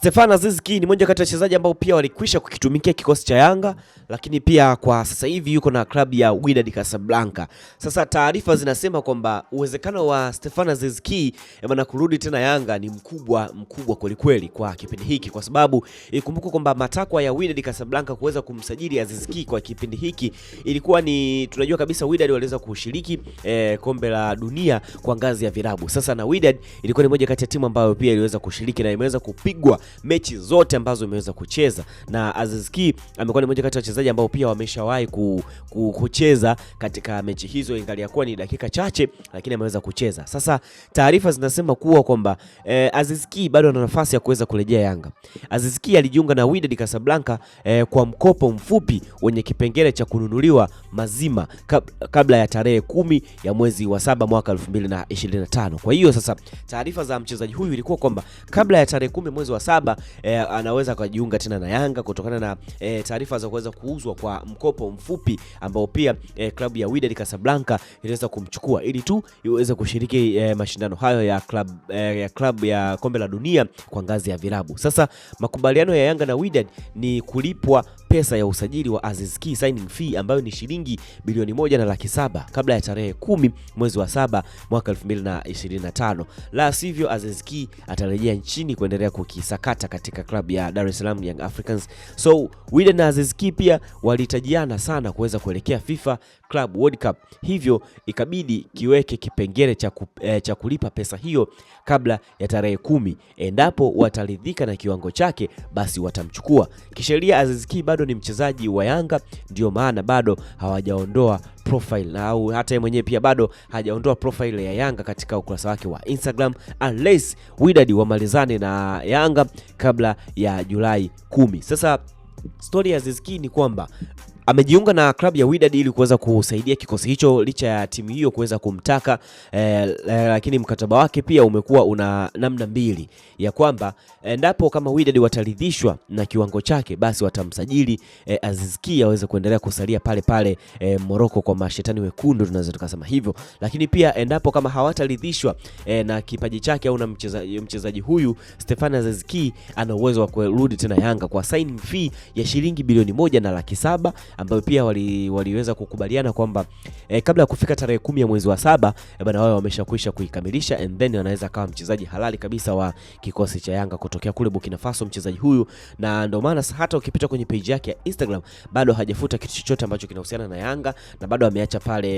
Stefan Aziz Ki ni mmoja kati ya wachezaji ambao pia walikwisha kukitumikia kikosi cha Yanga, lakini pia kwa sasa hivi yuko na klabu ya Wydad Casablanca. Sasa taarifa zinasema kwamba uwezekano wa Stefan Aziz Ki eh, kurudi tena Yanga ni mkubwa mkubwa kwelikweli kwa kipindi hiki, kwa sababu ikumbukwe kwamba matakwa ya Wydad Casablanca kuweza kumsajili Aziz Ki kwa kipindi hiki ilikuwa ni tunajua kabisa Wydad waliweza kushiriki eh, kombe la dunia kwa ngazi ya virabu. Sasa na Wydad ilikuwa ni moja kati ya timu ambayo pia iliweza kushiriki na imeweza kupigwa mechi zote ambazo umeweza kucheza, na Aziz Ki amekuwa ni mmoja kati ya wachezaji ambao pia wameshawahi ku, ku, kucheza katika mechi hizo, ingalia kuwa ni dakika chache, lakini ameweza kucheza. Sasa taarifa zinasema kuwa kwamba eh, Aziz Ki bado ana nafasi ya kuweza kurejea Yanga. Aziz Ki alijiunga na Wydad Casablanca eh, kwa mkopo mfupi wenye kipengele cha kununuliwa mazima kabla ya tarehe kumi ya mwezi wa saba mwaka 2025. Kwa hiyo sasa taarifa za mchezaji huyu ilikuwa kwamba kabla ya tarehe kumi mwezi wa saba saba eh, anaweza kujiunga tena na Yanga kutokana na eh, taarifa za kuweza kuuzwa kwa mkopo mfupi ambao pia eh, klabu ya Wydad Casablanca iliweza kumchukua ili tu iweze kushiriki eh, mashindano hayo ya klabu eh, ya klabu ya kombe la dunia kwa ngazi ya vilabu. Sasa makubaliano ya Yanga na Wydad ni kulipwa pesa ya usajili wa Aziz Ki signing fee ambayo ni shilingi bilioni moja na laki saba kabla ya tarehe kumi mwezi wa saba mwaka 2025. La sivyo Aziz Ki atarejea nchini kuendelea kukisakata katika klabu ya Dar es Salaam Young Africans. So Wydad na Aziz Ki pia walitajiana sana kuweza kuelekea FIFA Club World Cup, hivyo ikabidi kiweke kipengele cha eh, cha kulipa pesa hiyo kabla ya tarehe kumi. Endapo wataridhika na kiwango chake, basi watamchukua kisheria. Aziz Ki bado ni mchezaji wa Yanga, ndio maana bado hawajaondoa profile au hata yeye mwenyewe pia bado hajaondoa profile ya Yanga katika ukurasa wake wa Instagram unless Wydad wamalizane na Yanga kabla ya Julai kumi. Sasa stori ya Aziz Ki ni kwamba amejiunga na klabu ya Wydad ili kuweza kusaidia kikosi hicho licha ya timu hiyo kuweza kumtaka e, e, lakini mkataba wake pia umekuwa una namna mbili ya kwamba eh, endapo kama Wydad wataridhishwa na kiwango chake basi watamsajili e, Aziz Ki aweze kuendelea kusalia pale pale e, Morocco kwa mashetani wekundu tunaweza tukasema hivyo, lakini pia endapo kama hawataridhishwa e, na kipaji chake au na mchezaji mcheza huyu Stefan Aziz Ki ana uwezo wa kurudi tena Yanga kwa sign fee ya shilingi bilioni moja na laki saba ambayo pia wali, waliweza kukubaliana kwamba e, kabla ya kufika tarehe kumi ya mwezi wa saba e, eh, bana wao wameshakwisha kuikamilisha and then wanaweza akawa mchezaji halali kabisa wa kikosi cha Yanga kutokea kule Burkina Faso mchezaji huyu, na ndio maana hata ukipita kwenye page yake ya Instagram bado hajafuta kitu chochote ambacho kinahusiana na Yanga na bado ameacha pale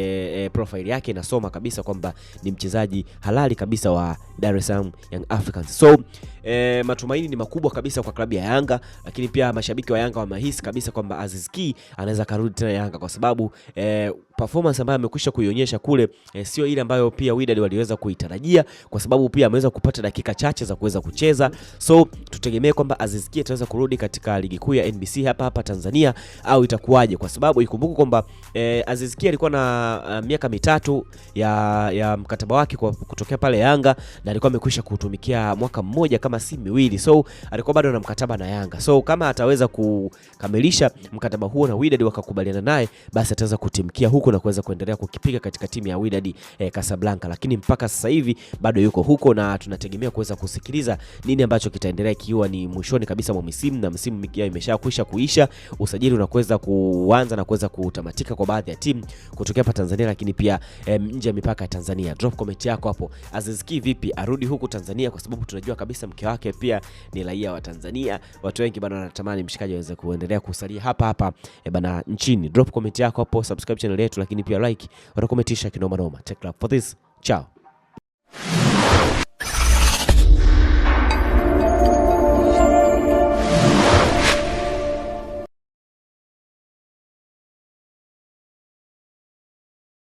e, profile yake inasoma kabisa kwamba ni mchezaji halali kabisa wa Dar es Salaam Young Africans. So e, matumaini ni makubwa kabisa kwa klabu ya Yanga, lakini pia mashabiki wa Yanga wamehisi kabisa kwamba Aziz Ki anaweza karudi tena Yanga kwa sababu e, performance ambayo amekwisha kuionyesha kule eh, sio ile ambayo pia Wydad waliweza kuitarajia, kwa sababu pia ameweza kupata dakika chache za kuweza kucheza. So tutegemee kwamba Aziz Ki ataweza kurudi katika ligi kuu ya NBC hapa hapa Tanzania au itakuwaje? Kwa sababu ikumbuke kwamba eh, Aziz Ki alikuwa na uh, miaka mitatu ya, ya mkataba wake kwa kutokea pale Yanga na alikuwa amekwisha kutumikia mwaka mmoja kama si miwili, so alikuwa bado na mkataba na Yanga. So kama ataweza kukamilisha mkataba huo na Wydad wakakubaliana naye, basi ataweza kutimkia huko na kuweza kuendelea kukipiga katika timu ya Wydad eh, Casablanca, lakini mpaka sasa hivi bado yuko huko na tunategemea kuweza kusikiliza nini ambacho kitaendelea ikiwa ni mwishoni kabisa mwa misimu na msimu imesha kuisha kuisha, usajili unakuweza kuanza na kuweza kutamatika kwa baadhi ya timu kutokea hapa Tanzania, lakini pia eh, nje ya mipaka ya Tanzania. Drop comment yako hapo. Aziz Ki vipi, arudi huku Tanzania? Kwa sababu tunajua kabisa mke wake pia ni raia wa Tanzania. Watu wengi bado wanatamani mshikaji aweze kuendelea kusalia hapa hapa eh, bana nchini. Drop comment yako hapo, subscribe channel yetu yetu, lakini pia like watakometisha kinoma noma. Take love for this. Ciao.